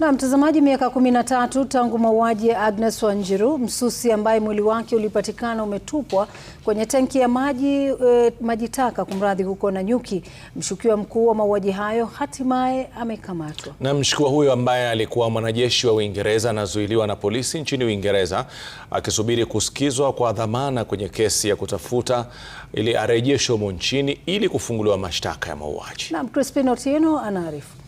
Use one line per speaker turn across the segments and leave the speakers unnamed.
Na mtazamaji, miaka 13 tangu mauaji ya Agnes Wanjiru, msusi ambaye mwili wake ulipatikana umetupwa kwenye tenki ya maji e, maji taka kumradhi, huko Nanyuki, mshukiwa mkuu wa mauaji hayo hatimaye amekamatwa.
Na mshukiwa huyo ambaye alikuwa mwanajeshi wa Uingereza anazuiliwa na polisi nchini Uingereza akisubiri kusikizwa kwa dhamana kwenye kesi ya kutafuta ili arejeshwe humo nchini ili kufunguliwa mashtaka ya mauaji.
Na Crispin Otieno anaarifu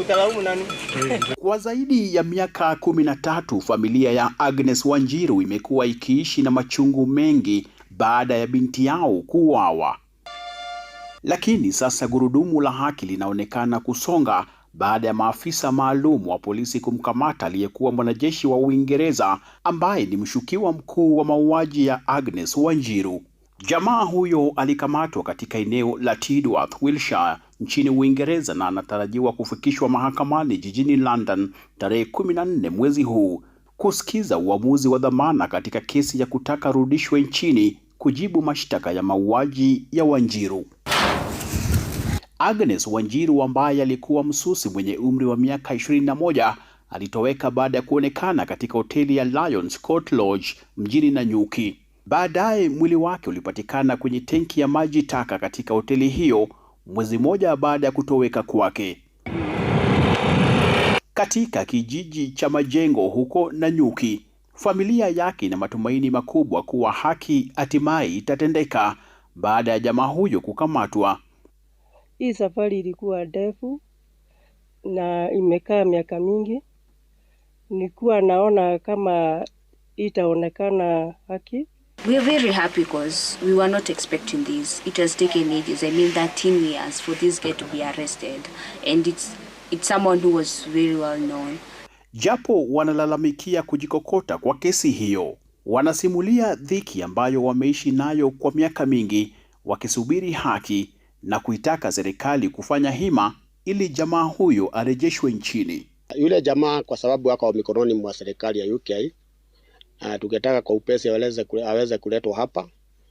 utalaumu nani? Kwa zaidi ya miaka kumi na tatu familia ya Agnes Wanjiru imekuwa ikiishi na machungu mengi baada ya binti yao kuuawa, lakini sasa gurudumu la haki linaonekana kusonga baada ya maafisa maalum wa polisi kumkamata aliyekuwa mwanajeshi wa Uingereza ambaye ni mshukiwa mkuu wa mauaji ya Agnes Wanjiru. Jamaa huyo alikamatwa katika eneo la Tidworth, Wiltshire nchini Uingereza na anatarajiwa kufikishwa mahakamani jijini London tarehe 14 mwezi huu kusikiza uamuzi wa dhamana katika kesi ya kutaka rudishwe nchini kujibu mashtaka ya mauaji ya Wanjiru. Agnes Wanjiru ambaye alikuwa msusi mwenye umri wa miaka 21 alitoweka baada ya kuonekana katika hoteli ya Lions Court Lodge mjini Nanyuki. Baadaye mwili wake ulipatikana kwenye tenki ya maji taka katika hoteli hiyo mwezi mmoja baada ya kutoweka kwake. Katika kijiji cha Majengo huko Nanyuki, familia yake ina matumaini makubwa kuwa haki hatimaye itatendeka baada ya jamaa huyo kukamatwa.
Hii safari ilikuwa ndefu na imekaa miaka mingi. Nilikuwa naona kama itaonekana haki
We are very happy because we were not expecting this. It has taken ages. I mean, 13 years for this guy to be arrested, and it's it's someone who was very well known.
Japo wanalalamikia kujikokota kwa kesi hiyo, wanasimulia dhiki ambayo wameishi nayo kwa miaka mingi, wakisubiri haki na kuitaka serikali kufanya hima ili jamaa huyo arejeshwe nchini.
Yule jamaa kwa sababu ako mikononi mwa serikali ya UK Uh, ah, tungetaka kwa upesi aweze aweze kuletwa hapa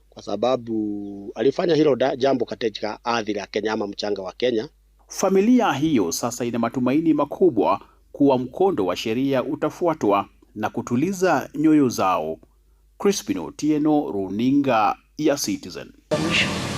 kwa sababu alifanya hilo da, jambo katika ardhi ya Kenya ama mchanga wa Kenya.
Familia hiyo sasa ina matumaini makubwa kuwa mkondo wa sheria utafuatwa na kutuliza nyoyo zao. Crispino Tieno, Runinga ya Citizen.